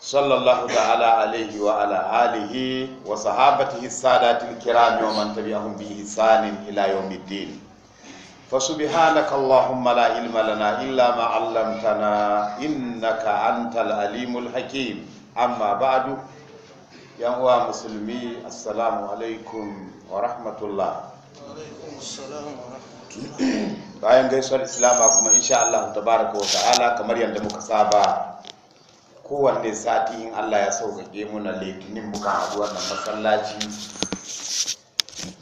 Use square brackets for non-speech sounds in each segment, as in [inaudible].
sallallahu ta'ala alaihi wa ala alihi wa sahabatihi sadatil kiram wa man tabi'ahum bi ihsanin ila yawmiddin fa subhanaka allahumma la ilma lana illa ma 'allamtana innaka antal alimul hakim amma ba'adu yan uwa musulmi assalamu alaikum wa rahmatullah bayan gaisuwar islama kuma insha Allah tabaraka wa ta'ala kamar yadda muka saba kowanne sati in Allah ya sauƙaƙe muna litinin muka a nan masallaci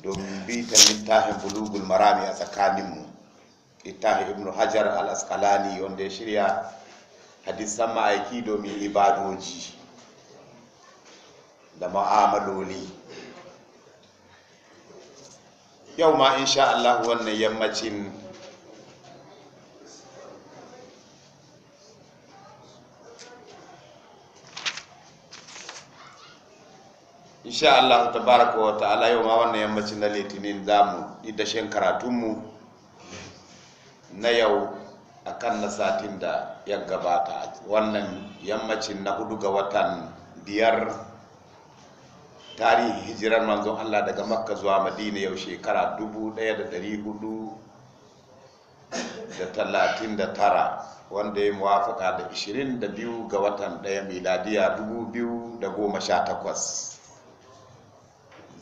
domin bita littafin bulugul marami a tsakaninmu littafin ibnu hajar al-asqalani wanda ya shirya hadisan ma'aiki domin ibadoji da ma'amaloli yau ma insha wannan yammacin insha Allah baraka wa ta'ala yau ma wannan yammacin na litinin za mu yi dashen karatunmu na yau a kan na satin da ya gabata wannan yammacin na hudu ga watan biyar tarihi hijirar manzon Allah daga makka zuwa madina yau shekara tara wanda ya muwafaka da 22 ga watan daya miladiya takwas.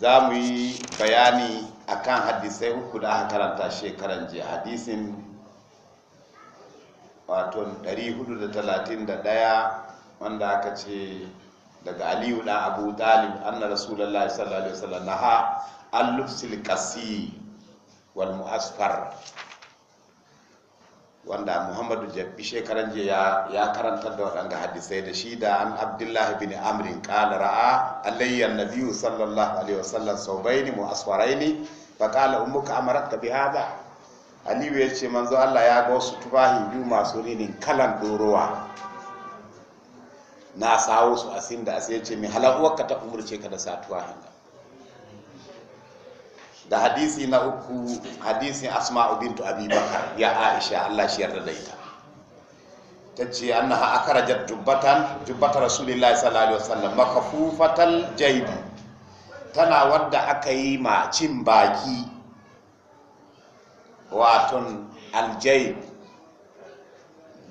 za mu yi bayani akan hadisai uku da aka karanta shekaran jiya hadisin wato 431 wanda aka ce daga aliyu da abu talib anna rasulallah sallallahu alaihi wasallam naha al-lubsil qasi wal mu'asfar wanda muhammadu jabbi shekaran jiya ya karanta da waɗanda hadisai da shi da an abdullahi bin amrin kala ra'a alayyan nabiyu sallallahu alaihi wasallam sau baini mu aswaraini fa kala ummuka amarat ka bi hada aliyu ya ce manzo allah ya ga wasu tufahi biyu masu rinin kalan dorowa na sawo su asin da asir ce mai halakuwar ka ta umarce ka da sa tufahin da hadisi na uku hadisin asma'u bintu abi bakar ya aisha Allah shi yarda da ita ta ce aka raja jubbatan jubbatan rasulullah sallallahu alaihi wasallam makafufatal jaibi tana wadda aka yi ma cin baki waton aljaib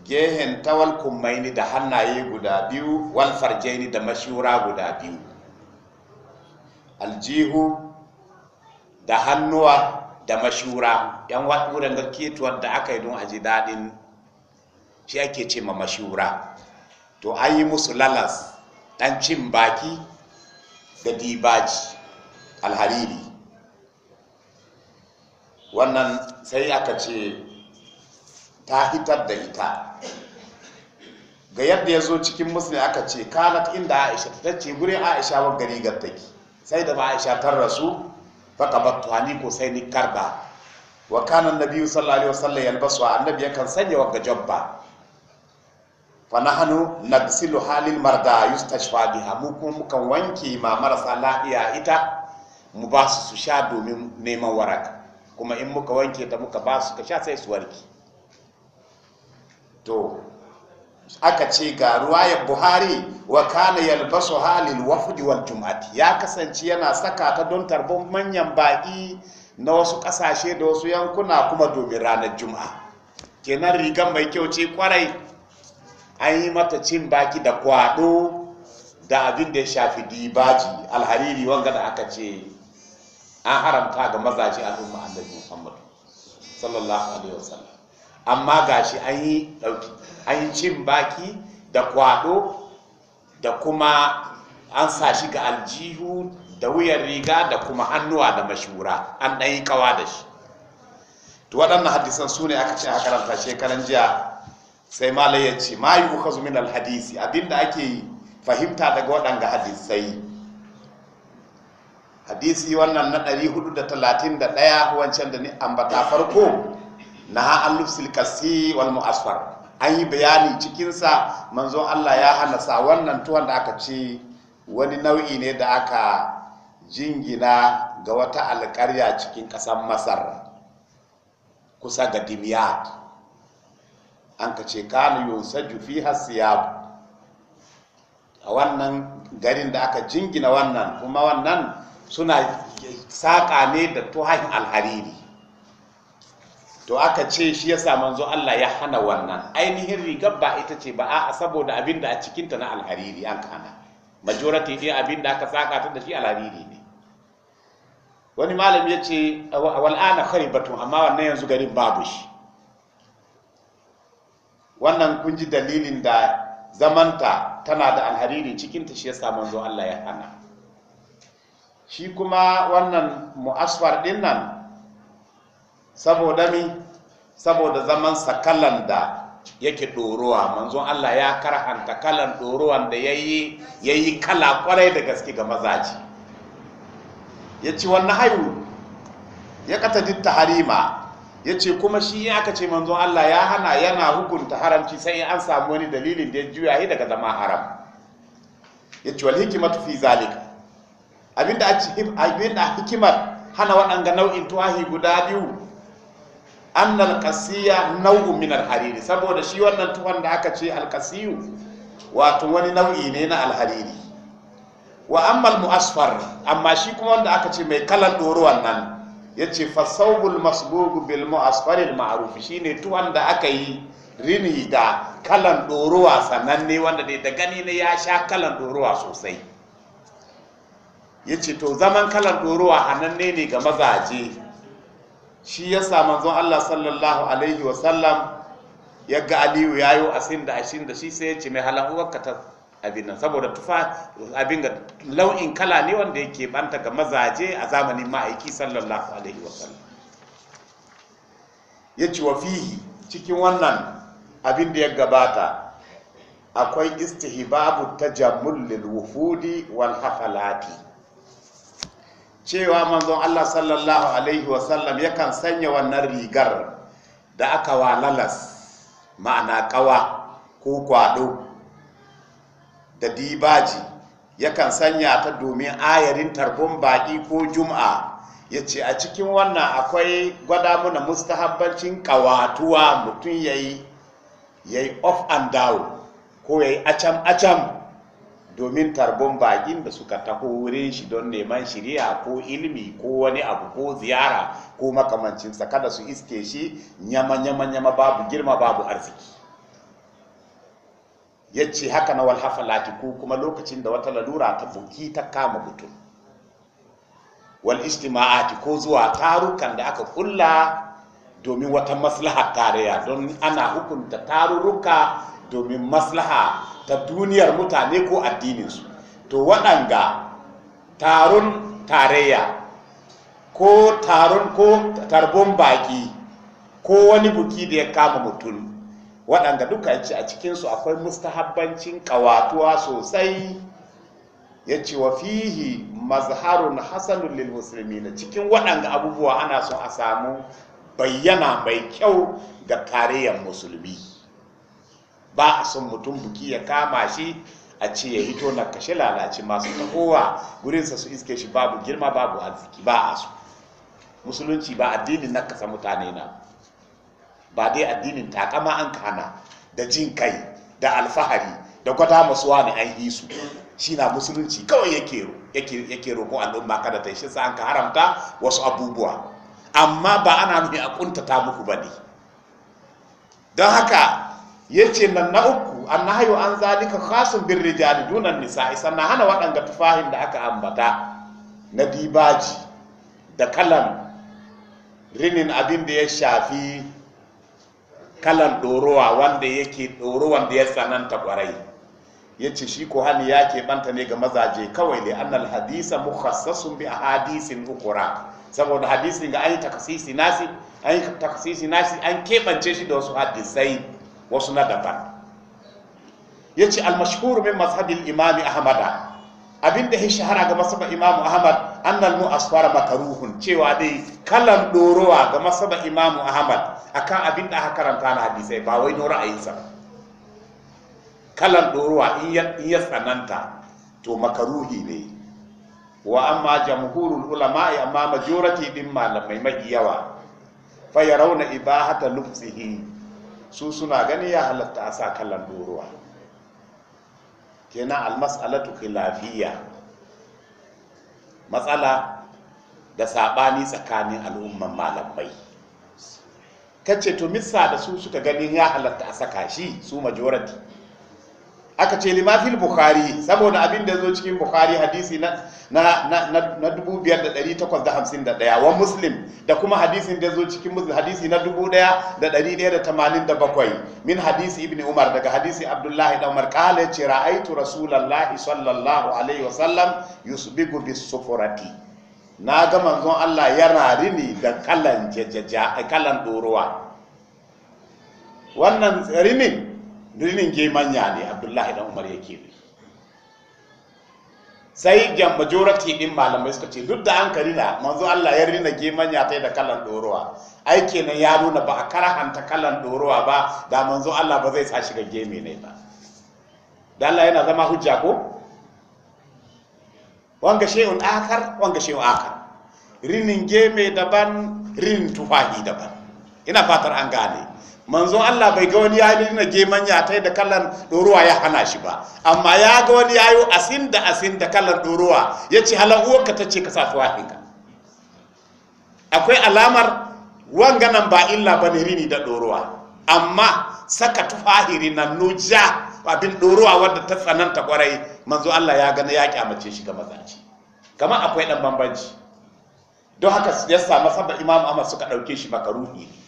gehen tawal kummaini da hannaye guda biyu wal farjaini da mashura guda biyu aljihu da hannuwa da mashura yan waɗuran ga ketuwar da aka yi don aji daɗin shi ake ce ma mashura to an yi musu lalas ɗan cin baki da dibaji alhariri wannan sai aka ce ta hitar da ita ga yadda ya zo cikin musulun aka ce kanat inda aisha ta ce gurin aisha wa gari gartaki sai da ba aisha ta rasu baka hani ko sai ni karba wa kana annabi sallallahu alaihi wasallam yalbasu annabi yakan sanya wa jabba fa nahnu nagsilu halil marda yustashfa biha mu kuma mukan wanke ma marasa lafiya ita mu ba su su sha domin neman waraka kuma in muka wanke ta muka ba su ka sha sai su warke to aka ce ga ruwayar buhari wa kana yalbasu halil wafdi wal jum'ati ya kasance yana saka ta don tarbon manyan baƙi na wasu ƙasashe da wasu yankuna kuma domin ranar juma'a kenan rigan mai kyau ce kwarai an yi mata cin baki da kwado da abin da ya shafi dibaji alhariri wanga da aka ce an haramta ga mazaje al'umma annabi muhammadu sallallahu alaihi wasallam amma gashi an yi an yi cin baki da kwaɗo da kuma an sa shi ga aljihu da wuyan riga da kuma hannuwa da mashura an ɗan yi kawa da shi to waɗannan hadisan su ne aka ce a karanta shekaran jiya sai malai ya ma yi kuka zumin alhadisi abinda ake fahimta daga waɗanga hadisai hadisi wannan na 431 wancan da ni ambata farko naha an lubsil kasi wal mu'asfar an yi bayani cikinsa manzon Allah ya hana sa wannan tuwon da aka ci wani nau'i ne da aka jingina ga wata alƙarya cikin ƙasar masar kusa ga dimiyat an ka ce kanu yunsaju fi hasiyab a wannan garin da aka jingina wannan kuma wannan suna saƙa ne da tuhahin alhariri to aka ce shi yasa manzo Allah ya hana wannan ainihin rigar ba ita ce ba a saboda abin da a cikinta na alhariri an kana majority ne abin da aka saka ta da shi alhariri ne wani malami ya ce wal'ana kharibatun amma wannan yanzu garin babu shi wannan kun ji dalilin da zamanta tana da alhariri cikinta shi yasa manzo Allah ya hana shi kuma wannan mu'asfar din nan saboda mi saboda zaman sakalan da yake ɗorowa manzon Allah ya karhanta kalan ɗoruwan da yayi yayi kala kwarai da gaske ga mazaji ya ci wannan hayu ya ditta harima ya ce kuma shi ya aka ce manzon Allah ya hana yana hukunta haramci sai an samu wani dalilin da ya juya shi daga zama haram ya ce wal hikimatu fi zalik abinda a hikimar hana waɗanga nau'in tuwahi guda biyu an alƙasiyya nau'u min saboda shi wannan tuhon da aka ce alƙasiyu wato wani nau'i ne na alhariri wa amma muasfar amma shi kuma wanda aka ce mai kalan nan ya yace fa sawbul masbugu bil mu'asfar ma'arufi shi shine tuhon da aka yi rini da kalan doruwa sananne wanda dai da gani ne ya sha kalan doruwa sosai ce to zaman kalan doruwa hananne ne ga mazaje shi ya samu zuwa Allah sallallahu alaihi wa sallam ya ga Aliyu ya yi asin da ashin da shi sai ya ce mai halan ka ta abin nan saboda tufa abin ga lau'in kala ne wanda yake banta ga mazaje a zamanin ma'aiki sallallahu alaihi wa sallam ya ci wa fihi cikin wannan abin da ya gabata akwai istihbabu tajammul lil wufudi wal hafalati cewa manzon Allah sallallahu alaihi wasallam yakan sanya wannan rigar da aka walalas ma'ana kawa ko kwado da dibaji yakan sanya ta domin ayarin tarbon baƙi ko juma'a ya ce a cikin wannan akwai gwada muna mustahabbancin kawatuwa mutum ya yi off and down ko ya yi acam acam domin tarbon bakin da suka taho wurin shi don neman shiriya ko ilimi ko wani abu ko ziyara ko makamancinsa kada su iske shi nyama nyama nyama babu girma babu arziki ya ce haka na walhafalati ko kuma lokacin da wata lalura ta buki ta kama mutum wal istima'ati ko zuwa tarukan da aka kulla domin wata maslaha tarayya don ana hukunta tarurruka domin maslaha ta duniyar mutane ko addininsu to waɗanga taron tarayya ko taron ko tarbon baki ko wani buki da ya kama mutum waɗanda duka ya ce a cikinsu akwai mustahabbancin ƙawatuwa sosai ya ce wa fihi mazharun hasanun lil musulmi na cikin waɗanda abubuwa ana son a samu bayyana mai kyau ga tarayyar musulmi ba a son mutum buki ya kama shi a ce ya hito na kashe lalace masu tahowa gurinsa su iske shi babu girma babu arziki ba a su musulunci ba addinin na kasa mutane na ba dai addinin takama an kana da jin kai da alfahari da kwata masu ne an yi su shi na musulunci kawai yake roƙon al'umma kada ta shi an ka haramta wasu abubuwa amma ba ana nuna a kuntata muku ba ne don haka yace nan na uku an na hayo an zalika khasun bir rijali dunan nisa'i na hana waɗanga tufahin da aka ambata na dibaji da kalan rinin abin da ya shafi kalan ɗorowa wanda yake ɗoro wanda ya tsananta kwarai yace shi ko hani ya ke banta ne ga mazaje kawai ne annal hadisa mukhassasun bi hadisin ukura saboda hadisin ga an yi takasisi nasi an yi nasi an keɓance shi da wasu hadisai wasu na daban ya ce almashhur min mazhabin imami ahmada abin da ya shahara ga masaba imamu ahmad annal mu asfara makaruhun cewa dai kalan dorowa ga masaba imamu ahmad akan abin da aka karanta na hadisai ba wai yi ra'ayinsa kalan dorowa in ya tsananta to makaruhi ne wa amma jamhurul ulama ya amma majority din malamai mai yawa fa yarawna ibahata lufsihi su suna gani ya halatta a sa kallon doruwa kenan almas'alatu khilafiyya matsala da sabani tsakanin al'umman malamai kace to misa da su suka ganin ya halatta a saka shi su majority aka ce limafil bukhari saboda abin da zo cikin bukhari hadisi na na na na 5851 wa muslim da kuma hadisin da zo cikin muslim hadisi na 1187 min hadisi ibni umar daga hadisi abdullahi da umar kala ce ra'aitu rasulullahi sallallahu alaihi wasallam yusbigu bis sufurati na ga manzon Allah yana rini da kalan jajaja kalan doruwa wannan rimin Rinin geman ya ne abdullahi dan umar yake ne sai jan majority din malamai suka ce duk da an karina manzo Allah ya rina geman ya ta da kalan dorowa ai kenan ya nuna ba a karahanta kalan dorowa ba da manzo Allah ba zai sa shiga ga geme ne ba da Allah yana zama hujja ko wanga shay'un akar wanga shay'un akar rinin geme daban rin tufahi daban ina fatar an gane manzon Allah bai ga wani yayi na geman ya tai da kallan doruwa ya hana shi ba amma ya ga wani yayo asin da asin da kallan doruwa yace halan ka tace ka sa wahinka akwai alamar wanga nan ba illa bane rini da doruwa amma saka tufahiri na nuja abin doruwa wadda ta tsananta kwarai manzo Allah ya gani ya kyamace shi ga mazaci kamar akwai dan bambanci don haka ya samu sabba imam Ahmad suka dauke shi makaruhi ne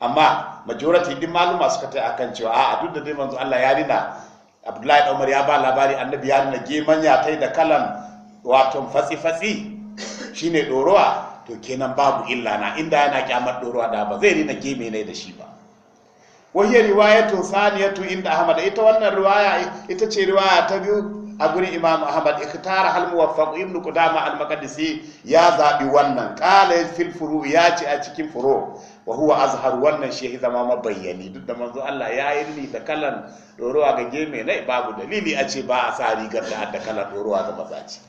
amma majority din maluma suka ta akan cewa a'a duk da dai manzo Allah ya rina Abdullahi da Umar ya ba labari annabi ya rina geman ya tai da kalan wato fatsi fatsi shine dorowa to kenan babu illa na inda yana kyamar dorowa da ba zai rina geme ne da shi ba wahiyar riwayatun saniyatu inda Ahmad ita wannan riwaya ita ce riwaya ta biyu a gurin imam ahmad ikhtara hal muwaffaq ibn kudama al maqdisi ya zabi wannan qala fil furu ya ce a cikin furu wa huwa azhar wannan shi ya zama mabayyani duk da manzo Allah ya yi ni da kalan dorowa ga geme nai babu dalili a ce ba a sa rigar da da kalan dorowa ga mazaci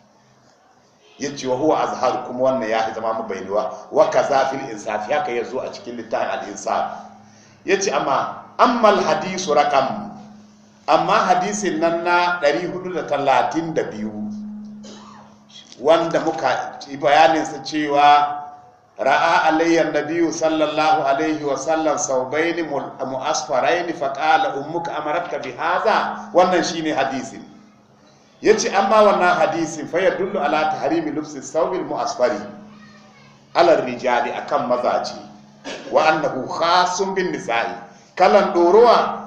yace wa huwa azhar kuma wannan ya zama mabayyani wa Wa kaza fil insaf haka yazo a cikin littafin al insaf yace amma amma al hadisu raqam amma hadisin nan na 432 wanda muka bayanin sa cewa ra'a alayya nabiyyu sallallahu alaihi wa sallam saubaini mu'asfaraini fa qala ummuka amaratka bi hadha wannan shine hadisin yace amma wannan hadisin fa yadullu ala tahrimi lubsi saubil mu'asfari ala rijali akan mazaje wa annahu khasun bin nisa'i kalan dorowa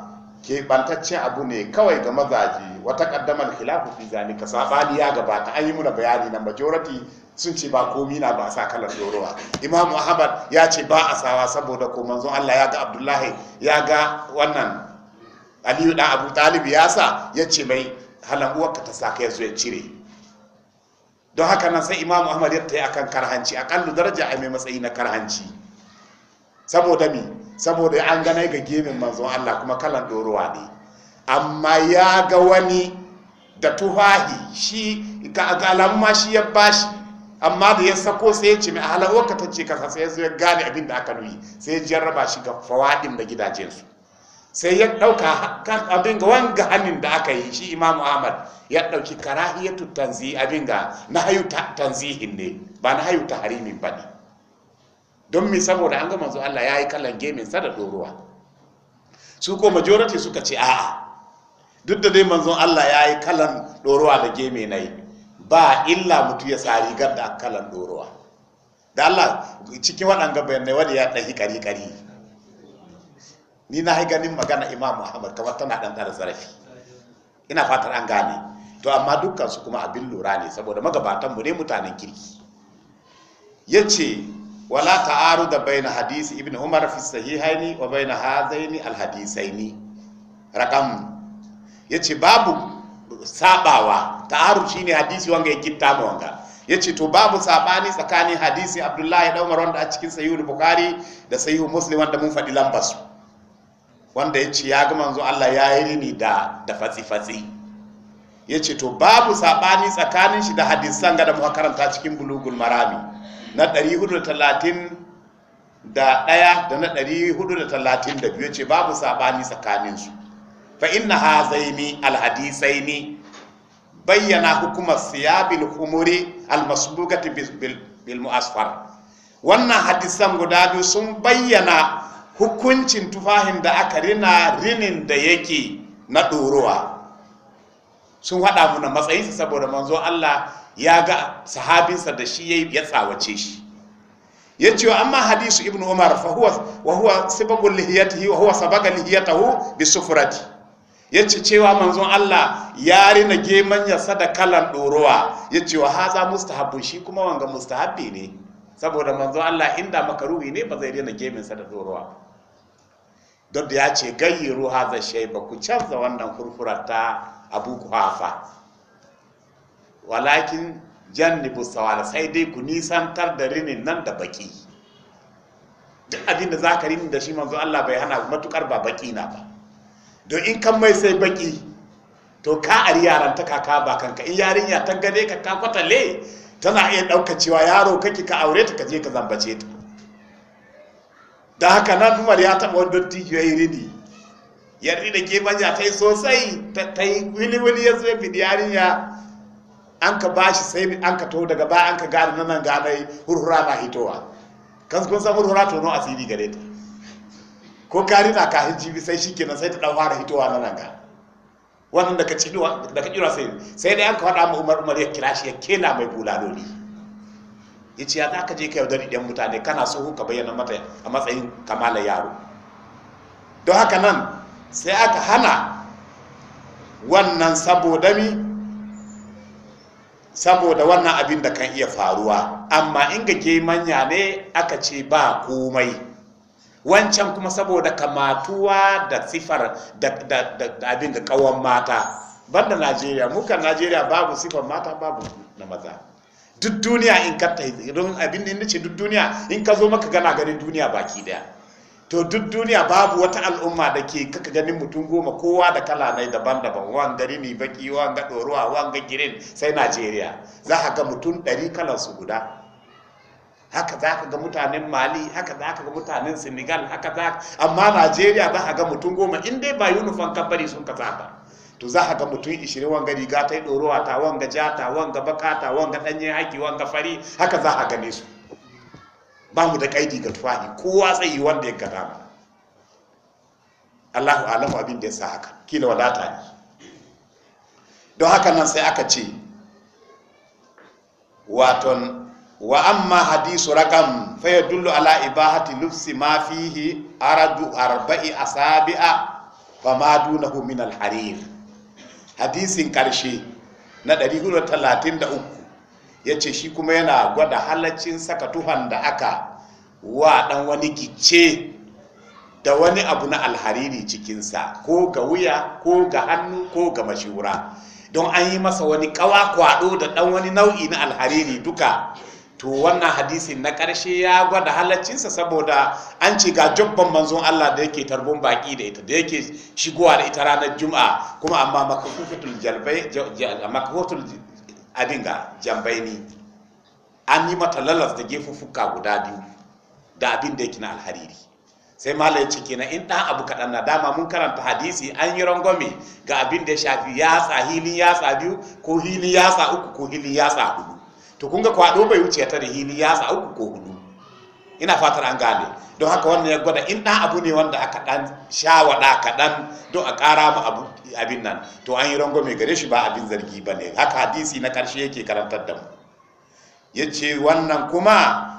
keɓantaccen abu ne kawai ga mazaje wata ƙaddamar khilafu fi zalika sabani ya gabata an yi muna bayani na majority sun ce ba komi na ba a sa kalar dorowa imam ahmad ya ce ba a sawa saboda ko manzon allah ya ga abdullahi ya ga wannan aliyu dan abu talib ya sa ya ce mai halamuwarka ta sa ka ya cire don haka nan sai imam ahmad ya ta yi akan karhanci aƙallu daraja a mai matsayi na karhanci saboda mi saboda an ganai ga gemin manzon Allah kuma kalan doruwa ne amma ya ga wani da tufahi shi ga alamu ma shi ya bashi amma da ya sako sai ya ce mai ahalar waka ce kasa sai ya gane abin da aka nuyi sai ya jarraba shi ga fawaɗin da gidajensu sai ya ɗauka abin ga wanga hannun da aka yi shi Imam ahmad ya ɗauki karahiyatu tanzi abin ga na hayu tanzihin ne ba na hayu ta harimin baɗi don mi saboda an ga manzo Allah ya yi kalan gemin sa da ɗoruwa su ko majority suka ce a duk da dai manzon Allah ya yi kalan ɗoruwa da geme na yi ba illa mutu ya sa rigar da kalan ɗoruwa da Allah cikin waɗanga bayanai wadda ya ɗahi ƙari-ƙari ni na yi ganin magana imam muhammad kamar tana ɗan zarafi ina fatar an gane to amma dukkan su kuma abin lura ne saboda magabatanmu ne mutanen kirki ya ce wala ta'aruda baina hadisi ibn umar fi sahihaini wa baina ni alhadisaini Ya ce babu sabawa shi ne hadisi wanga ya kitta ma wanga Ya ce to babu sabani tsakanin hadisi abdullahi da umar wanda a cikin sahihul bukhari da sahihul muslim wanda mun faɗi lambar su wanda ce ya gama manzo Allah ya yi ni da da fatsi fatsi ce to babu sabani tsakanin shi da hadisan ga da muka karanta cikin bulugul marami na 431 da na 432 ce babu sabani tsakaninsu fa inna ha alhadisai ni bayyana hukumar siyabil humuri almasbugati bil mu'asfar wannan hadisan guda biyu sun bayyana hukuncin tufahin da aka rina rinin da yake na ɗorowa sun haɗa mu na matsayinsa saboda manzo Allah ya ga sahabinsa da shi ya tsawace shi ya ce wa amma hadisu ibn umar fa huwa wa huwa sabagu lihiyatihi wa huwa sabaga lihiyatahu bi sufrati ya ce cewa manzon Allah ya rina geman ya sada kalan ɗorowa ya ce wa haza mustahabbu shi kuma wanga mustahabbi ne saboda manzon Allah inda makaruhi ne ba zai rina gemin sa da ɗorowa don da ya ce gayyiru haza shai ba ku canza wannan kurkurata, ta abu kuhafa walakin jannibu sawala sai dai ku nisantar da rinin nan da baki duk abin da ka rinin da shi manzo Allah bai hana matukar ba baki na ba don in kan mai sai baki to ka ari yaran ta kaka ba kanka in yarinya ta gane ka ka kwatale tana iya ɗaukar cewa yaro kake ka aure ta ka je ka zambace ta da haka nan Umar ya taɓa wani dattijo ya yi rini yarri da ke banja ta yi sosai ta yi wili-wili ya zo ya yarinya an ka bashi sai an ka to daga baya an ka gane nan ganai hurhura na hitowa kan kun san hurhura tono sidi gare ta ko kari na kahin jibi sai shikenan sai ta dan fara hitowa nan ga wannan daga cinuwa daga jira sai sai da an ka fada ma Umar Umar ya kira shi ya kena mai bulaloli yace ya zaka je ka yaudari dan mutane kana so ka bayyana mata a matsayin kamala yaro don haka nan sai aka hana wannan saboda mi saboda wannan abin da kan iya faruwa amma in ga manya ne aka ce ba komai wancan kuma saboda kamatuwa da sifar da abin da kawon mata banda najeriya muka najeriya babu sifar mata babu na maza duk duniya in ka don abin da ce duk duniya in ka zo maka gana ganin duniya baki daya to duk duniya babu wata al'umma da ke kaka ganin mutum goma kowa da kala na daban-daban wan gari ne baki wan ga doruwa wan ga girin sai najeriya za ka ga mutum ɗari kalan su guda haka za ka ga mutanen mali haka za ka ga mutanen senegal haka za ka. amma najeriya za ka ga mutum goma in dai ba yunufan kabari sun ka ba to za ka ga mutum ishirin wanga riga ta yi ɗorowa ta wanga jata, ta wanga baka ta wanga ɗanyen haki wanga fari haka za ka gane su ba mu da kaidi ga tufahi kowa zai yi wanda ya gada mana Allahu alamu abin da ya sa haka kila wadata ne don haka nan sai aka ce waton wa amma hadisu rakam faya dullu ala ibahati lufsi ma fihi aradu arba'i asabi'a ba ma dunahu min al-harir hadisin karshe na 433 ya ce shi kuma yana gwada halaccin saka tuhon da aka wa ɗan wani gice da wani abu na alhariri cikinsa ko ga wuya ko ga hannu ko ga mashura don an yi masa wani kawa kwaɗo da ɗan wani nau'i na alhariri duka to wannan hadisin na ƙarshe ya gwada halaccinsa saboda an ce ga jubban manzon Allah da yake tarbon baki da ita da yake shigowa da ita ranar juma'a kuma amma makafutul jalbai abin ga jambaini an yi mata lalas da gefuffuka guda biyu da abin da yake na alhariri sai mala ya ce na in ɗan abu kaɗan na dama mun karanta hadisi an yi rangwame ga abin da ya shafi yatsa hilin sa biyu ko hilin sa uku ko hilin sa hudu to kun ga kwaɗo bai wuce ta da hilin sa uku ko hudu ina fatar an gane don haka wannan ya gwada in ɗan abu ne wanda aka ɗan shawaɗa kaɗan don a ƙara ma abin nan to an yi mai gare shi ba abin zargi ba ne haka hadisi na ƙarshe yake karantar da mu ya ce wannan kuma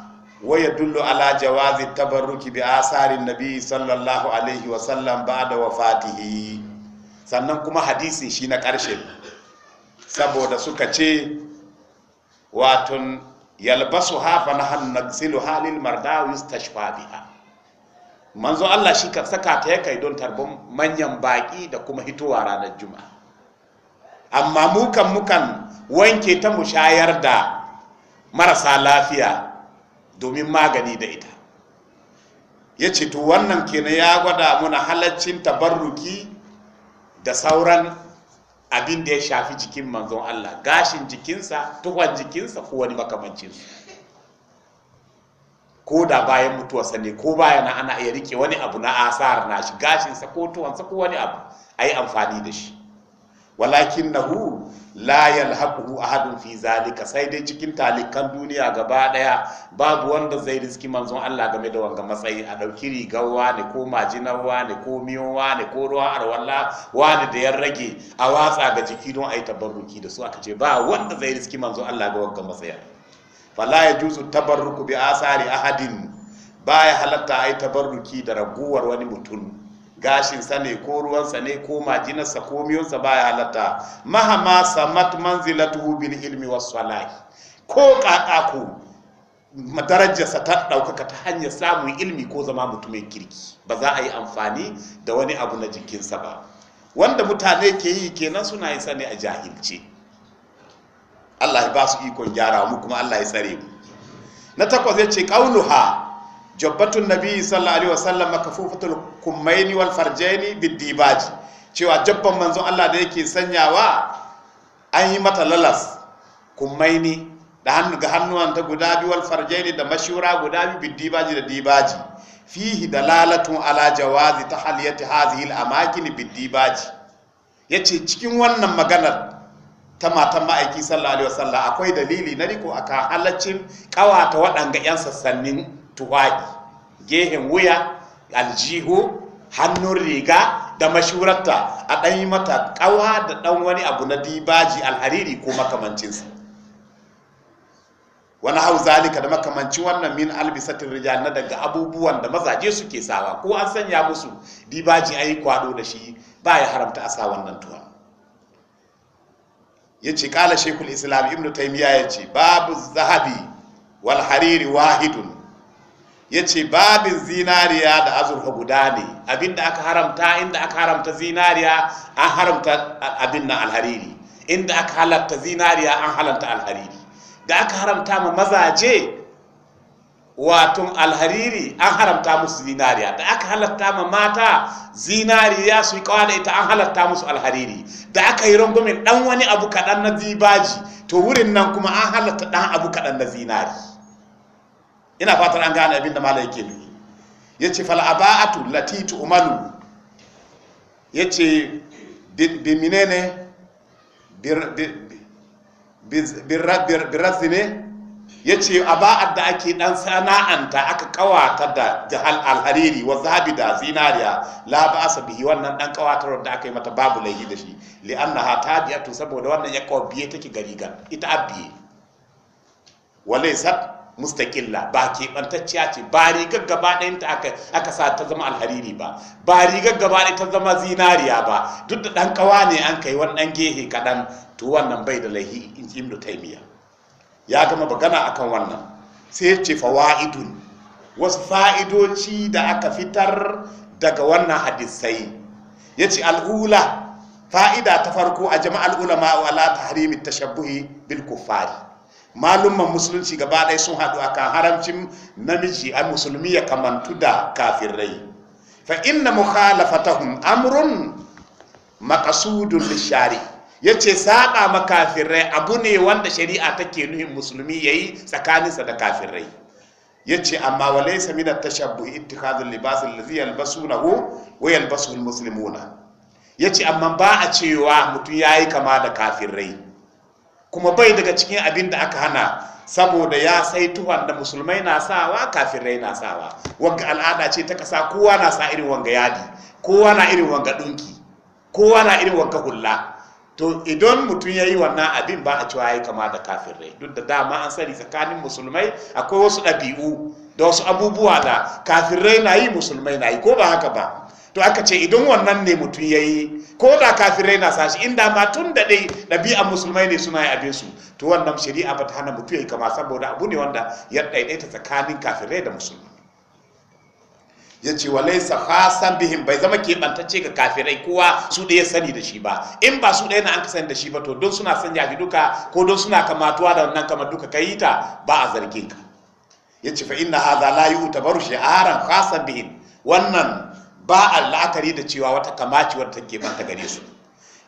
waya dullu ala jawazi tabarruki bi asarin nabi sallallahu alaihi sallam ba da fatihi sannan kuma hadisin shi na ƙarshe saboda suka ce waton yalbasuha fa nahnu nagsiluha lil marda yustashfa biha manzo Allah shi ka saka ta kai don tarbon manyan baki da kuma hitowa ranar juma'a amma mukan mukan wanke ta mu shayar da marasa lafiya domin magani da ita ya ce to wannan kenan ya gwada muna halaccin tabarruki da sauran abin da ya shafi jikin manzon Allah gashin jikinsa tuwan jikinsa ko wani makamancinsu ko da bayan mutuwarsa ne ko bayan ana iya rike wani abu na asar na shi gashinsa ko tuwansa ko wani abu a yi amfani da shi Walakin na layal la a haɗin fi zalika sai dai cikin talikan duniya gaba daya babu wanda zai riski manzon Allah game da wanga matsayi a ɗauki rigar wani ko majinar wani ko miyon wani ko ruwan arwalla wani da ya rage a watsa ga jiki don a yi tabarruki da su aka ce ba wanda zai riski manzon Allah ga wanga matsayi fala juzu tabarruku bi asari ahadin baya halatta a ayi tabarruki da raguwar wani mutum gashinsa ne ko ruwansa ne ko majinarsa ko miyonsa baya halatta mahama samat manzilatuhu bil ilmi was salah ko kakaku darajarsa ta ɗaukaka ta hanyar samun ilmi ko zama mutumin kirki ba za a yi amfani da wani abu na jikinsa ba wanda mutane ke yi kenan suna yin sani a jahilce Allah ya ba su ikon gyara mu kuma Allah ya tsare mu na takwas ya ce ƙaunuha jobbatun nabi sallallahu alaihi wasallam makafufatul kummaini wal farjaini bidibaji cewa jabban manzo Allah da yake sanyawa an yi mata lalas kummaini da hannu ga hannuwan ta guda biyu wal farjaini da mashura guda biyu bidibaji da dibaji fihi dalalatun ala jawazi tahliyati hadhihi al amakin bidibaji yace cikin wannan maganar ta matan ma'aiki sallallahu alaihi wasallam akwai dalili na riko aka halaccin kawata waɗanga 'yan sassanin tuwaɗi gehen wuya aljihu hannun riga da mashurarta a ɗan yi mata ƙawa da ɗan wani abu na dibaji alhariri ko makamancinsa wani hau zalika da makamanci wannan min albisatin rijal na daga abubuwan da mazaje suke sawa ko an sanya musu dibaji a yi kwado da shi ba ya haramta a sa wannan tuwa ya ce kala shekul islam ibn taimiyya ya ce babu zahabi wal hariri wahidun ya ce babin zinariya da azurfa guda ne abinda aka haramta inda aka haramta zinariya an haramta abin na alhariri inda aka halatta zinariya an halatta alhariri da aka haramta ma mazaje waton alhariri an haramta musu zinariya da aka halatta ma mata zinariya su yi kawa da ita an halatta musu alhariri da aka yi rangwamin dan wani abu kaɗan na zibaji to wurin nan kuma an halatta dan abu kaɗan na zinari ina fatan an gane abin da malam yake nufi yace fal aba'atu lati ya ce bi ne birrazi ne ya ce a ba'ad da ake dan sana'anta aka kawata da jihal alhariri wa zabi da zinariya la ba'asa bihi wannan dan ƙawatar da aka yi mata babu laihi da shi li'anna ha tabiyatu saboda wannan ya kawo biye take gari ga ita abiye wa laysat mustaqilla ba keɓantacciya ce ba rigar gaba ɗayanta aka, aka sa ta zama alhariri ba ba rigar gaba ɗaya ta zama zinariya ba duk da ɗan ƙawa ne an kai wani ɗan gehe kaɗan to wannan bai da laihi in ibnu taymiya ya gama a akan wannan sai ya ce fawaidun wasu fa'idoci da aka fitar daga wannan hadisai ya ce al'ula fa'ida ta farko a jama'al ulama wa la tahrimi tashabbuhi bil kuffari malumman musulunci gaba ɗaya sun haɗu kan haramcin namiji a musulmi ya kamantu da kafirai fa inna mukhalafatahum amrun maqsudun lishari yace saba ma kafirai abu ne wanda shari'a take nuhin musulmi yayi tsakaninsa da kafirai yace amma walaysa min at-tashabbuh basu libas allazi yalbasunahu wa yalbasuhu al-muslimuna yace amma ba a cewa mutum yayi kama da kafirai kuma bai daga cikin abin da aka hana saboda ya sai tuhon da musulmai na sawa kafirai na sawa wanga al'ada ce ta kasa kowa na sa irin wanga yadi kowa na irin wanga dunki kowa na irin wanga hulla to idan mutum ya yi wannan abin ba a cewa ya kama da kafirai duk da dama an sani tsakanin musulmai akwai wasu ɗabi'u da wasu abubuwa da kafirai na yi musulmai na yi ko ba haka ba to aka ce idan wannan ne mutum ya yi ko da kafirai na sashi inda ma tun da dai ɗabi'a musulmai ne suna yi abin su to wannan shari'a ba ta hana mutum ya yi kama saboda abu ne wanda ya ɗaiɗaita tsakanin kafirai da musulmai ya ce wa laisa fasan bihim bai zama keɓantacce ga kafirai kowa su ɗaya sani da shi ba in ba su ɗaya na an ka sani da shi ba to don suna sanya shi duka ko don suna kamatuwa da wannan kamar duka kai ta ba a zargin ka ya ce fa inna hadha la yu'tabaru shi'aran khasan bihim wannan ba a la'akari da cewa wata kamaci wadda take banta gare su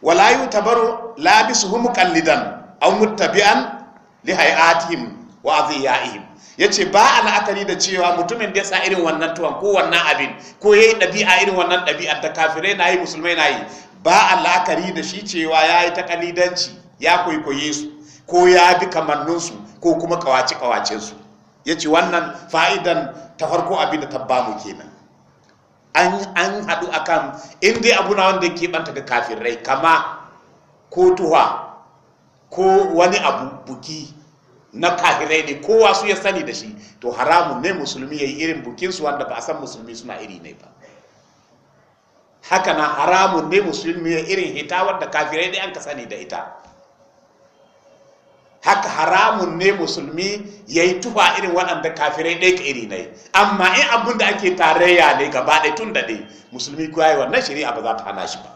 wala yutabaru labisuhum muqallidan aw muttabi'an li hay'atihim wa adhiya'ihim yace ba a la'akari da cewa mutumin da sa irin wannan tuwan ko wannan abin ko yayi dabi'a irin wannan dabi'ar da kafirai na yi musulmai na yi ba a la'akari da shi cewa yayi ta kalidanci ya kwaikwaye su ko ya bi kamanninsu ko kuma kawace kawacensu yace wannan fa'idan ta farko abin da tabbamu kenan an haɗu akan in dai abu na wanda ke banta da kafirai kama ko tuha ko wani abu buki na kafirai ne kowa su ya sani da shi to haramun ne musulmi ya yi irin bukinsu wanda ba a san musulmi suna iri ne ba haka na haramun ne musulmi ya irin hita wadda kafirai dai an ka sani da ita haka haramun ne musulmi ya yi tufa irin waɗanda kafirai ɗaya ka iri na yi amma in abin da ake tarayya ne gaba ɗaya tun da ɗaya musulmi kuwa yi wannan shari'a ba za ta hana shi ba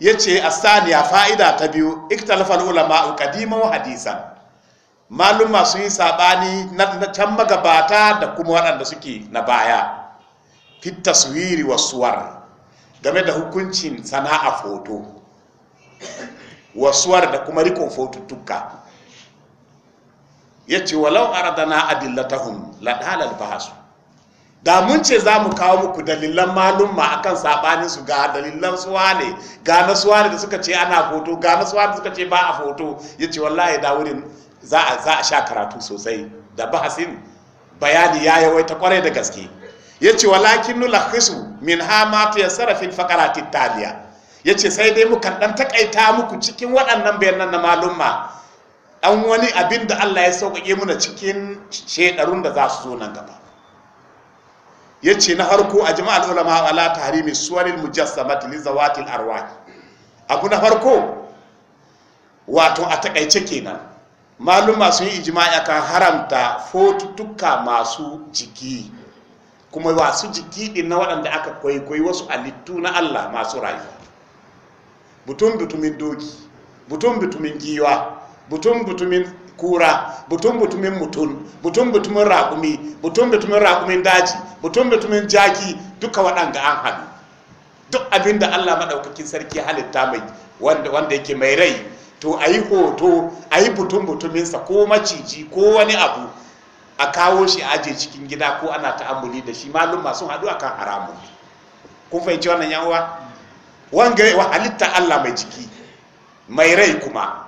ya ce asaniya fa'ida ta biyu iktalafal ulama wa hadisan maluma sun yi saɓani na can magabata da kuma waɗanda suke na baya fit taswiri wasuwar game da hukuncin sana'a foto wasuwar da kuma rikon fotuttuka ya ce walau ta adillatahum la halal bahasu da mun ce za mu kawo muku dalilan malumma akan sabanin su ga dalilan suwa ne ga na suwa ne da suka ce ana foto ga na suwa da suka ce ba a foto ya ce wallahi da wurin za a sha karatu sosai da bahasin bayani ya yawaita kwarai da gaske ya ce walakin nula hisu min ha ma ta yassara fil taliya ya ce sai dai muka ɗan takaita muku cikin waɗannan bayanan na malumma an wani abin da Allah ya sauƙaƙe muna cikin shekarun da za su zo nan gaba ya ce na harko a jama'ar ulama ala mai suwaril mujassamati li zawatil arwahi abu na farko wato a takaice kenan malumma sun yi ijma'i akan haramta fotutuka masu jiki kuma wasu jiki din na waɗanda aka kwaikwayi wasu alittu na Allah masu rayu. butun butumin doki butun butumin giwa butun butumin kura butun butumin mutum butun butumin raƙumi butun butumin rakumin daji butun butumin jaki duka waɗanda an haɗu duk abin da allah maɗaukakin sarki halitta mai wanda yake mai rai to a yi hoto a yi butun butuminsa ko maciji ko wani abu a kawo shi aje cikin gida ko ana ta'amuli da shi malum masu haɗu akan haramun kun fahimci wannan yan wangare wa halitta Allah mai jiki mai rai kuma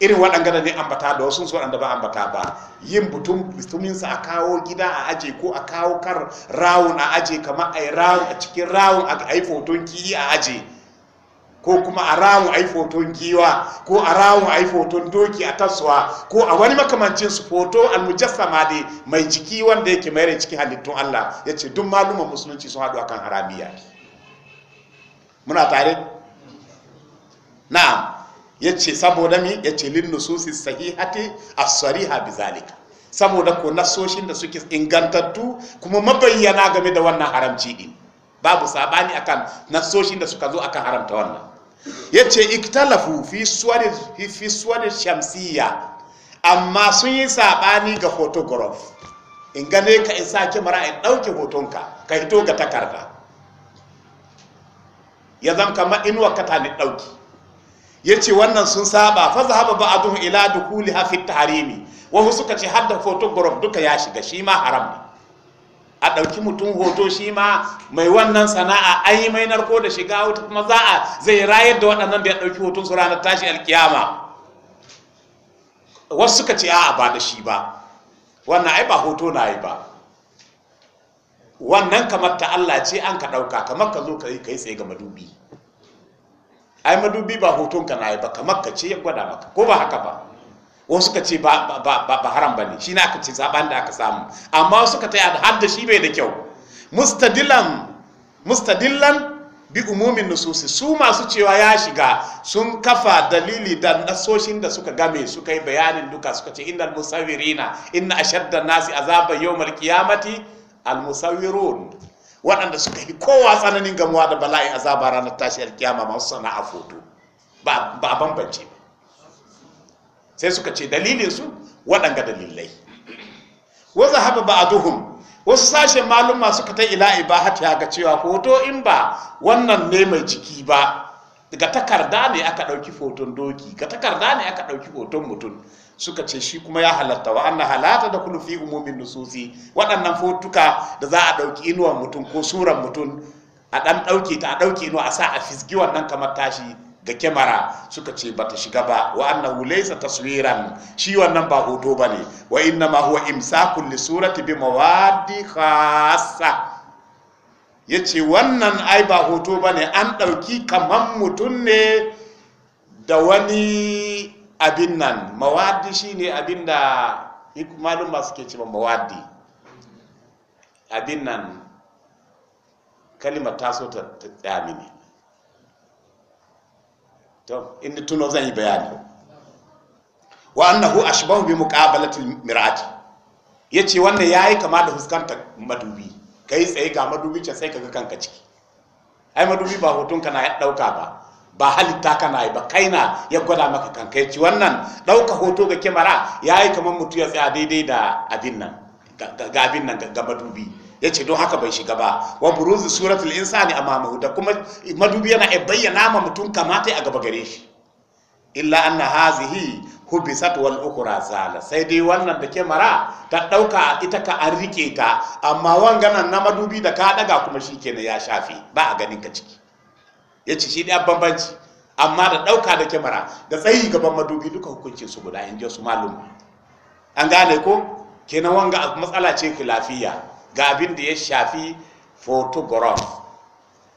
irin waɗanda ne ambata da wasu waɗanda ba ambata ba yin butun sa a kawo gida a aje ko a kawo kar rawun a aje kama a yi rawun a cikin rawun a yi foton kiyi a aje ko kuma a rawun a yi foton giwa ko a rawun a yi foton doki a taswa ko a wani makamancin su foto almujassama dai mai jiki wanda yake mai cikin halittun Allah ya ce duk malumin musulunci sun haɗu akan haramiya muna tare na'am yace saboda mi yace lin nususi sahihati as-sariha bizalika saboda ko nasoshin da suke ingantattu kuma mabayyana game da wannan haramci din babu sabani akan nasoshin da suka zo akan haramta wannan yace iktalafu fi suwarir fi shamsiyya amma sun yi sabani ga photograph in gane ka in sa kimara in ɗauke hotonka ka hito ga takarda ya zama kamar inuwa kata ne ɗauki ya ce wannan sun saba fa a duhun ila dukuli hafi tahrimi Wasu suka ce hadda photograph duka ya shiga shi ma haram ne a ɗauki mutum hoto shi ma mai wannan sana'a an yi mai narko da shiga wuta kuma za a zai rayar da waɗannan da ya ɗauki hoton su ranar tashi alkiyama wasu suka ce a'a ba da shi ba wannan ai ba hoto na yi ba wannan kamar ta Allah ce an ka ɗauka kamar ka zo ka yi tsaye ga madubi ai madubi ba hoton ka na yi ba kamar ka ce ya gwada maka ko ba haka ba wasu ka ce ba haram ba ne shi na aka ce zaɓan da aka samu amma suka ta har da shi bai da kyau mustadillan bi umumin nususi su masu cewa ya shiga sun kafa dalili da nasoshin da suka game suka yi bayanin duka suka ce inda musawirina inna ashadda nasi azaba yawmal qiyamati almusawirun waɗanda suka yi kowa tsananin gamuwa da bala'in azaba ranar tashiyar kiyama masu sana'a foto ba a bambance ba sai suka ce dalilin su waɗanga dalilai wasu haɓa ba a duhun wasu sashen malum masu kata ila'i ba hati ga cewa hoto in ba wannan ne mai jiki ba ga takarda ne aka ɗauki foton doki ga takarda ne aka ɗauki hoton mutum suka ce shi kuma ya halatta wa anna halata da kullu fi umumin nususi waɗannan fotuka da za a ɗauki inuwar mutum ko surar mutum a ɗan ɗauke ta a ɗauke inuwa a sa a fisgi wannan kamar tashi ga kyamara suka ce bata shiga ba wa annahu laysa taswiran shi wannan ba hoto bane wa inna ma huwa imsakun li surati bi mawadi khassa yace wannan ai ba hoto bane an ɗauki kaman mutum ne da wani abin nan mawaddi shine abin da malum ba suke cewa mawaddi abin nan kalimar taso ta tsami ne to inda tuno zan yi bayani wa annahu ashbahu bi muqabalati mirati yace wannan yayi kama da fuskantar madubi kai tsaye ga madubi can sai kaga kanka ciki ai madubi ba hoton kana ya dauka ba ba halitta na yi ba kaina ya gwada maka kankaici wannan ɗauka hoto ga kyamara ya yi kamar mutu ya tsaya daidai da abin nan ga abin nan ga madubi ya ce don haka bai shiga ba wa buruzu suratul insani mamahu. da kuma madubi yana iya bayyana ma mutum kamata a gaba gare shi illa anna hazihi hubisat wal ukhra zala sai dai wannan da kyamara ta ɗauka ita ka an rike ta amma wanganan na madubi da ka daga kuma shikenan ya shafe ba a ganin ka ciki ya ce shi ɗaya bambanci amma da ɗauka da kyamara da tsayi gaban madubi duka hukuncin su guda in ji su malum an gane ko kenan wanga matsala ce kilafiya ga abin da ya shafi photograph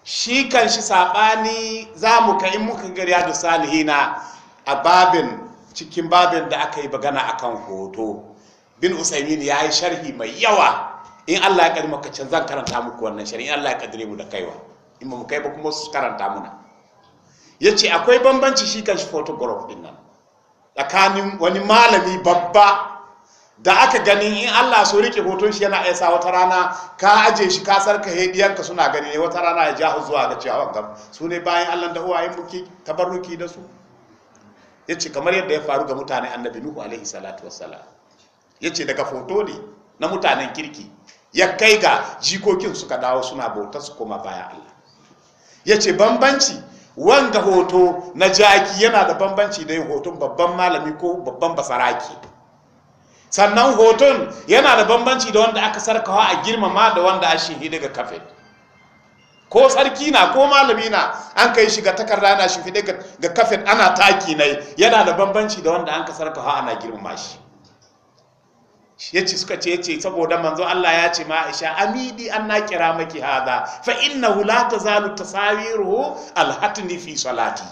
shi kan shi saɓani za mu ka in muka gariya da na a babin cikin babin da aka yi bagana akan hoto bin usaimin ya yi sharhi mai yawa in allah ya kadima ka zan karanta muku wannan sharhi in allah ya kadire mu da kaiwa mu kai ba kuma su karanta muna ya ce akwai bambanci shi kan shi photograph din nan tsakanin wani malami babba da aka gani in Allah so rike hoton shi yana aisa wata rana ka aje shi ka sarka hediyanka suna gani ne eh, wata rana ya jahu zuwa ga ciyawan gam su ne bayan Allah da uwayen muke tabarruki da su Ya ce kamar yadda ya faru ga mutane annabi nuhu alaihi salatu Ya ce daga foto ne na mutanen kirki ya kai ga jikokin suka dawo suna bauta su koma baya Allah ya ce bambanci wanga hoto na jaki yana da bambanci da yin hoton babban malami ko babban basaraki sannan hoton yana da bambanci da wanda aka sarkawa a girmama da wanda a shi daga kafe ko sarki na ko malami na an kai shi ga takarda ana shi ga kafe ana taki na yana da bambanci da wanda an ka sarkawa ana girmama shi yace suka ce yace saboda manzo Allah ya ce ma Aisha amidi an na kira maki hada fa innahu la tazalu tasawiruhu alhatni fi salati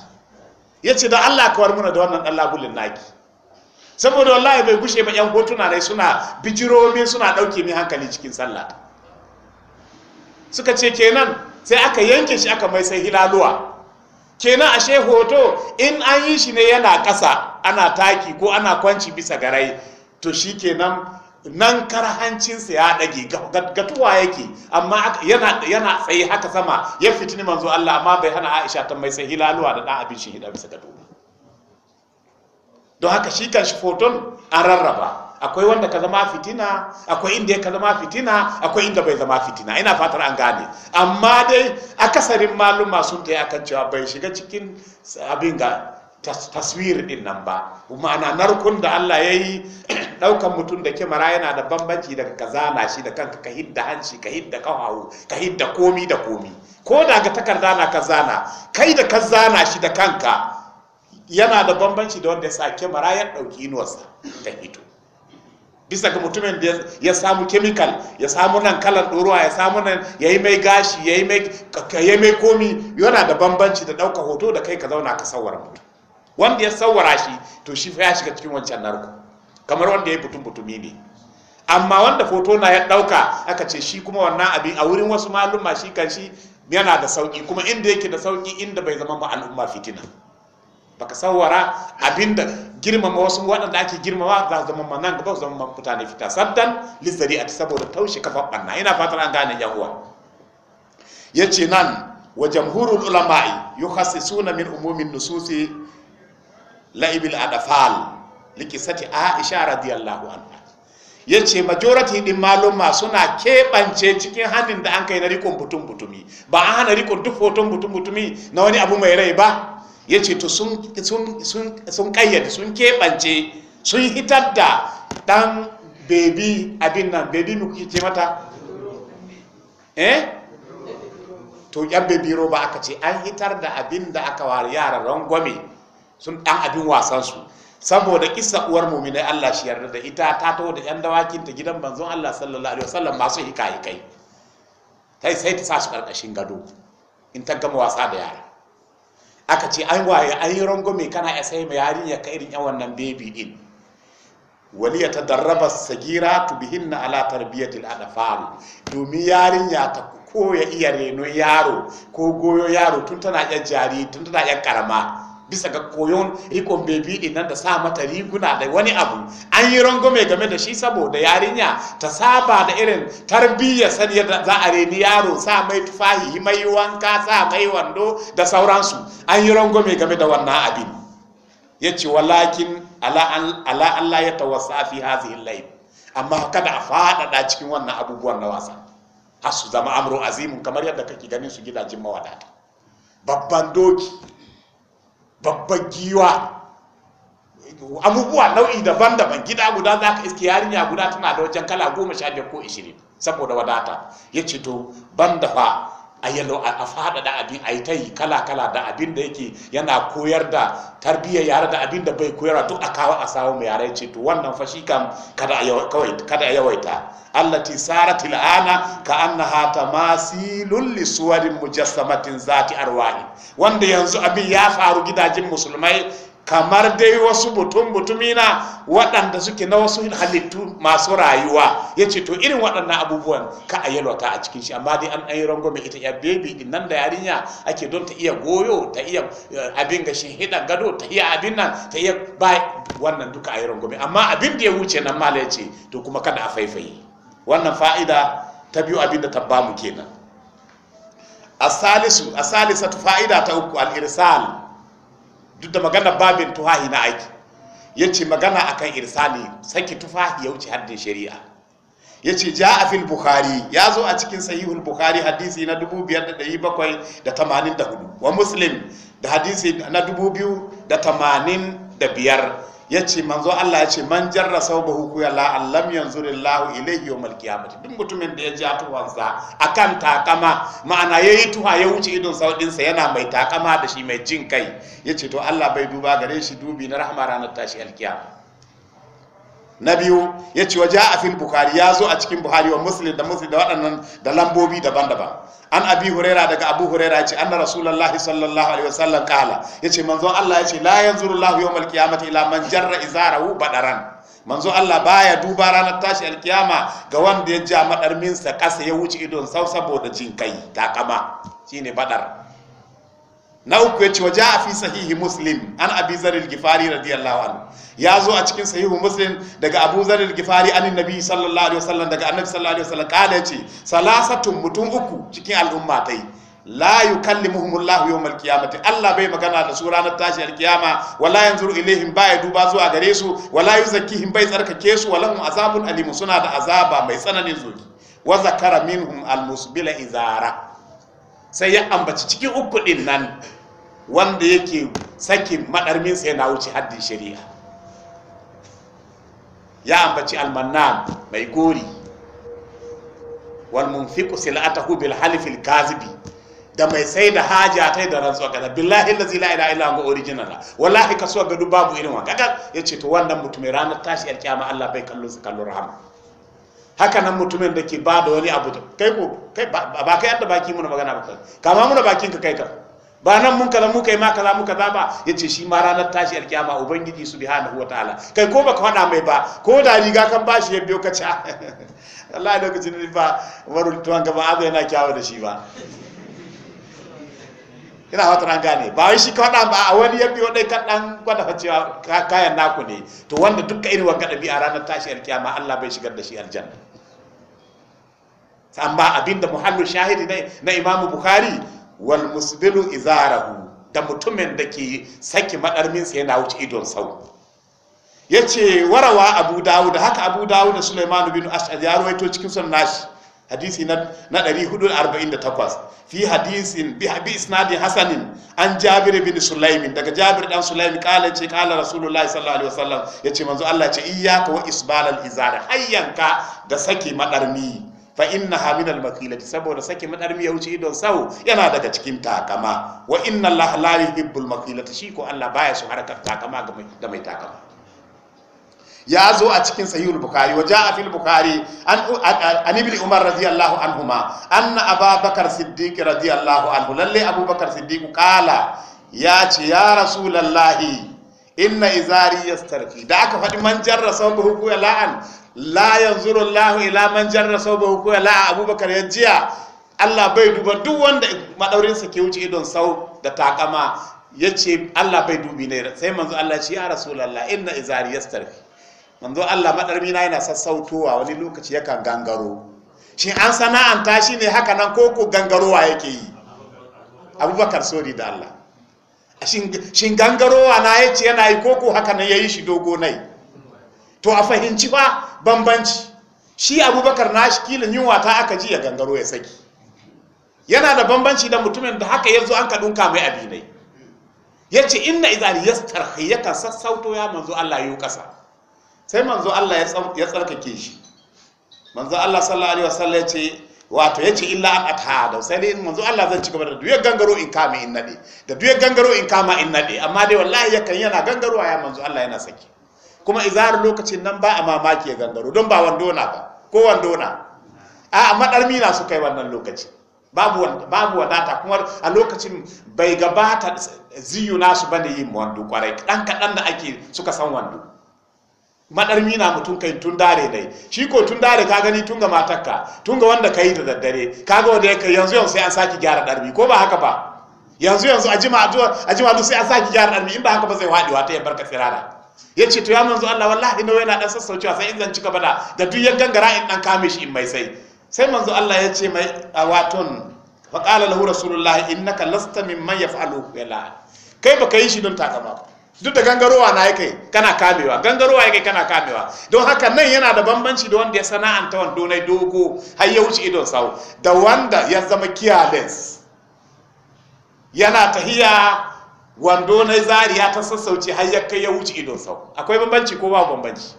yace da Allah ka war muna da wannan dan labulin naki saboda wallahi bai gushe ba yan hotuna ne suna bijiro min suna dauke min hankali cikin sallah suka ce kenan sai aka yanke shi aka mai sai hilaluwa kenan ashe hoto in an yi shi ne yana ƙasa ana taki ko ana kwanci bisa garai to shi kenan nan karhancinsa ya ɗage gatuwa yake amma yana tsaye haka sama ya fitini manzo Allah amma bai hana Aisha ta mai tsaye laluwa da ɗan abin shi hida bisa gado don haka shi kan shi foton a rarraba akwai wanda ka zama fitina akwai inda ya ka zama fitina akwai inda bai zama fitina ina fatar an gane amma dai akasarin maluma sun ta yi akan cewa bai shiga cikin abin ga taswir din nan ba ma'ana narkun da Allah ya yi ɗaukan mutum da kyamara yana da bambanci daga ka zana shi da kanka ka hidda hanci ka hidda kawawu ka hidda komi da komi ko da ga takarda na ka zana kai da ka zana shi da kanka yana da bambanci da wanda ya sa kyamara ya ɗauki inuwarsa ta hito bisa ga mutumin da ya samu kemikal ya samu nan kalan ɗoruwa ya samu nan ya yi mai gashi ya yi mai komi yana da bambanci da ɗauka hoto da kai ka zauna ka sawara mutum wanda ya sawara shi to shi fa ya shiga cikin wancan narko kamar wanda ya butun butumi ne amma wanda hoto na ya ɗauka aka ce shi kuma wannan abin a wurin wasu malumma shi kan shi yana da sauki kuma inda yake da sauki inda bai zama ma al'umma fitina baka sawara abinda girmama wasu waɗanda ake girmama za su zama nan gaba su zama mutane fita saddan lizari a saboda taushe kafa ɓanna ina fatan an gane yahuwa. ya ce nan wa jamhurul ulama'i suna min umumin nususi la'ibil adafal likisati aisha radiyallahu anha ya ce majority din maluma suna keɓance cikin hannun da an kai na rikon butun butumi ba an hana rikon duk hoton butun butumi na wani abu mai rai ba ya ce to sun kayyade sun keɓance sun hitar da ɗan bebi abin nan bebi mu kuke ce mata eh to yan bebi roba aka ce an hitar da abin da aka wari yara rangwame sun ɗan abin wasansu saboda kisa uwar muminai Allah shi yarda da ita ta taho da yan dawakin ta gidan manzon Allah sallallahu alaihi wasallam masu hikayikai kai sai ta sa su karkashin gado in ta gama wasa da yara aka ce an waye an yi rangume kana ya sai mai yarinya ka irin yan wannan baby din waliya ta darraba sagira tu bihinna ala tarbiyatil adfal domin yarinya ta koya iya reno yaro ko goyo yaro tun tana yan jari tun tana yan karama bisa ga koyon rikon bebi din nan da sa mata riguna da wani abu an yi rangume game da shi saboda yarinya ta saba da irin tarbiyya san da za a reni yaro sa mai tufahi mai wanka sa mai wando da sauransu an yi rangume game da wannan abin ya ce walakin ala Allah ya tawassa fi hazihi layl amma kada a faɗaɗa cikin wannan abubuwan na wasa har zama amru azimun kamar yadda kake ganin su gidajen mawadata babban doki babbar giwa abubuwa nau'i daban-daban gida guda za ka iske yarinya guda tana da wajen kala goma sha biyar ko ishirin saboda wadata ya ce to ban dafa. a yalo a faɗaɗa abin a yi ta kala-kala da abin da yake yana koyar da tarbiyyar yare da abin da bai koyar duk a kawo a samu mai yare ce to wannan fashi kam kada a yawaita allati sarati la'ana ka annaha tamasilun li suwarin mujassamatin zati arwahi wanda yanzu abin ya faru gidajen musulmai kamar dai wasu mutum na waɗanda suke na wasu halittu masu rayuwa ya ce to irin waɗannan abubuwan ka a yalwata a cikin shi amma dai an yi rangwame ita ya bebi din nan da yarinya ake don ta iya goyo ta iya eh, abin gashi hidan gado ta iya abin nan ta iya ba wannan duka a yi amma abin da ya wuce nan mala ya ce to kuma kada a faifaye wannan fa'ida ta biyu abin da ta bamu kenan a salisu a fa'ida ta uku al-irsal duk da magana babin tufahi na aiki ya ce magana a kan irsali saki tufahi ya wuce haddin shari'a ya ce ja a fil bukhari ya zo a cikin sahihul bukhari hadisi na 2784 wa muslim da hadisi na 2085 ya ce manzo Allah ya ce man jarra saubahu ku ya la'allam yanzurillahu ilayhi yawmal qiyamati duk mutumin da ya ji sa akan takama ma'ana yayi tuha ya wuce idon saudin sa yana mai takama da shi mai jin kai ya ce to Allah bai duba gare shi dubi na rahama ranar tashi alkiyama na biyu ya ce waje a fil bukari ya zo a cikin buhari wa musulun da musulun da waɗannan da lambobi daban-daban an abi huraira daga abu huraira ya ce an anna rasulullahi sallallahu alaihi wasallam kala ya ce manzon allah ya ce la yanzuru allah yawmal qiyamati ila man jarra izarahu badaran manzo Allah baya duba ranar tashi alkiyama ga wanda ya ja madarminsa kasa ya wuce idon sau saboda jinkai takama shine baɗar. na uku ya yace waje a fi sahihi muslim an abi zaril gifari radiyallahu anhu ya zo a cikin sahihu muslim daga abu zaril gifari an nabi sallallahu alaihi wasallam daga annabi sallallahu alaihi wasallam kala ce salasatun mutum uku cikin al'umma tai la allah yawm qiyamati Allah bai magana da su ranar tashi alkiyama wala yanzuru ilaihim bai duba zuwa gare su wala yuzakkihim bai tsarkake su hum azabun alim suna da azaba mai tsananin zuri wa zakara minhum almusbila izara sai ya ambaci cikin uku din nan wanda yake sakin madarmin sai na wuce haddin shari'a ya ambaci almannan mai gori wal munfiqu silatahu bil halifil kazibi da mai sai da haja ta da rantsuwa kaza billahi allazi la ilaha illa huwa original wallahi kasuwa ga babu irin wa ya yace to wannan mutum ranar tashi alkiyama Allah bai kallo su kallo rahama haka nan mutumin da ke ba da wani abu da kai ko kai ba kai yadda baki muna magana ba kai kama muna bakin ka kai ka ba nan mun kaza mu yi ma kaza mu kaza ba yace shi ma ranar tashi alkiyama ubangiji subhanahu wataala kai ko baka faɗa mai ba ko da riga kan bashi ya biyo ka ci [laughs] Allah lokacin da ba warul tuwan ba azu yana kyawu da shi ba ina wata ran gane ba wai shi kaɗan ba a wani yabi wadai kaɗan gwada facewa kayan naku ne to wanda duka irin wa gaɗabi a ranar tashi alkiyama Allah bai shigar da shi aljanna amma abinda muhallu shahidi na imamu bukhari wal musbilu izarahu da mutumin da ke saki sai yana wuce idon sau ya ce warawa abu dawud haka abu dawud da suleiman bin ash'ad ya rawaito cikin sun nashi hadisi na 448 fi hadisin bi isnadi hasanin an jabir bin sulaimin daga jabir dan sulaimi kala ce kala rasulullahi sallallahu alaihi wasallam ya manzo Allah ce iyyaka wa isbalal izara hayyanka da saki madarmi fa ha min al-maqilati saboda saki madarmi ya wuce idon sau yana daga cikin takama wa inna Allah la yuhibbul maqilata shi ko Allah baya su harkar takama ga mai takama ya zo a cikin sahihul bukhari wa jaa fil bukhari an an ibn umar radiyallahu anhuma anna ababakar siddiq radiyallahu anhu lalle abubakar siddiq qala ya ce ya rasulullahi inna izari yastarki da aka faɗi man jarra sabahu la'an la yanzuru Allahu ila man jarra sawbahu ko la Abubakar ya jiya Allah bai duba duk wanda madaurinsa ke wuce idon sau da takama yace Allah bai dubi ne sai manzo Allah ya ce ya rasulullah inna izari yastarfi manzo Allah madarmi na yana sassautowa wani lokaci yakan gangaro shin an sana'anta shi ne haka nan koko gangarowa yake yi abubakar sori da Allah shin gangarowa na yace yana yi koko haka nan yayi shi dogo nai to a fahimci ba bambanci shi abubakar na shi kilin yunwa ta aka ji ya gangaro ya saki yana da bambanci da mutumin da haka yanzu an an kamai mai abinai ya ce inna izali ya tarhayyaka sassauto ya manzo Allah yi ƙasa sai manzo Allah ya tsarkake shi manzo Allah sallallahu alaihi wasallam ya ce wato ya ce illa an athada sai dai manzo Allah zan ci gaba da duyar gangaro in kama in nade da duyar gangaro in kama in nade amma dai wallahi yakan yana gangarowa ya manzo Allah yana saki kuma izar lokacin nan ba a mamaki ya gangaro don ba wandona ba ko wandona a madarmi na su kai wannan lokaci babu babu wadata kuma a lokacin bai gabata ziyu nasu bane yin wando kwarai dan kadan da ake suka san wando madarmi na mutum kai tun dare dai shi ko tun dare ka gani tun ga matarka tun ga wanda kai da daddare kaga wanda ya kai yanzu yanzu sai an saki gyara darbi ko ba haka ba yanzu yanzu a jima a jima sai an saki gyara darbi in ba haka ba zai wadewa ta yabar barka tsirara ya ce to ya manzo Allah wallahi nawa yana dan sassaucewa sai in zan cika bada da duk ya gangara in dan kame shi in mai sai sai manzo Allah ya ce mai awaton fa qala lahu rasulullah innaka lasta mimman yaf'alu la kai baka yi shi don takama duk da gangarowa na yake kana kamewa gangarowa yake kana kamewa don haka nan yana da bambanci da wanda ya sana'anta wando na dogo har ya wuce idon sau da wanda ya zama kiyales yana tahiya wando na zariya ta sassauce har ya kai ya wuce idon sau akwai bambanci ko ba bambanci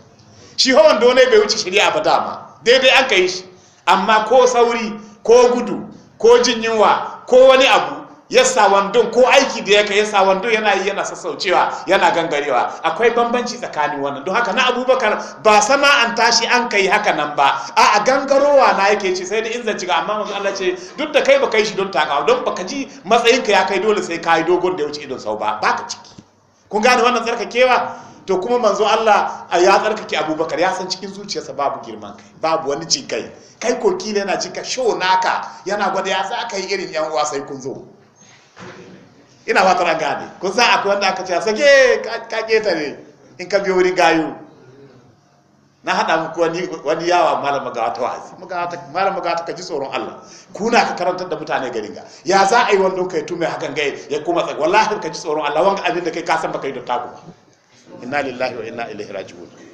shi ho wando ne bai wuce shari'a ba dama daidai an yi shi amma ko sauri ko gudu ko jin yunwa ko wani abu ya wandon ko aiki da ya kai ya wandon yana yi yana sassaucewa yana gangarewa akwai bambanci tsakanin wannan don haka na abubakar ba sama an tashi an kai haka nan ba a a gangarowa na yake ce sai da in zan ga amma manzo Allah ce duk da kai ba kai shi don taka don baka ji matsayin ka ya kai dole sai ka yi dogon da ya wuce idon sau ba baka ciki kun gane wannan tsarkakewa to kuma manzo Allah ya tsarkake abubakar ya san cikin zuciyarsa babu girman kai babu wani jinkai kai kokila yana jinka sho naka yana gwada ya sa kai irin yan uwa sai kun zo ina fatara gane gane za a kuwa da aka ce a sake ka keta ne in ka biyo wuri gayu na haɗa muku wani yawa malar magawata ta wa'azi malam magawa ta kaji tsoron Allah kuna ka karantar da mutane garin ga ya za a yi wanda ka yi tume hakan gai ya kuma tsaka wallahi ka ji tsoron Allah wanga abin da kai kasan baka yi da taku inna lillahi wa inna ilaihi raji'un